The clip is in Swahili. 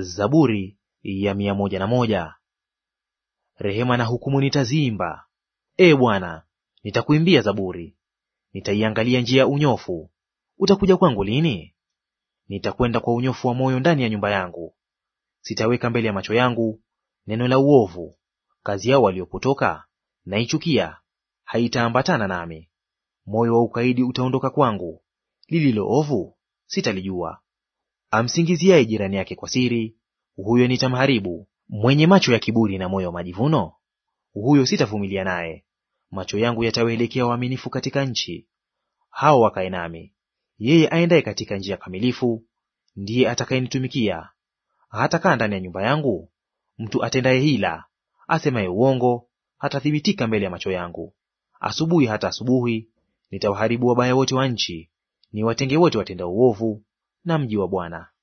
Zaburi ya mia moja na moja. Rehema na hukumu nitaziimba. E Bwana, nitakuimbia zaburi. Nitaiangalia njia ya unyofu. Utakuja kwangu lini? Nitakwenda kwa unyofu wa moyo ndani ya nyumba yangu. Sitaweka mbele ya macho yangu neno la uovu. Kazi yao waliopotoka naichukia, haitaambatana nami. Moyo wa ukaidi utaondoka kwangu, lililo ovu sitalijua amsingiziaye jirani yake kwa siri, huyo nitamharibu. Mwenye macho ya kiburi na moyo wa majivuno, huyo sitavumilia naye. Macho yangu yatawaelekea waaminifu katika nchi, hao wakae nami. Yeye aendaye katika njia kamilifu ndiye atakayenitumikia. Hatakaa ndani ya nyumba yangu mtu atendaye hila, asemaye uongo, hatathibitika mbele ya macho yangu. Asubuhi hata asubuhi nitawaharibu wabaya wote wa nchi, niwatenge wote watenda uovu na mji wa Bwana.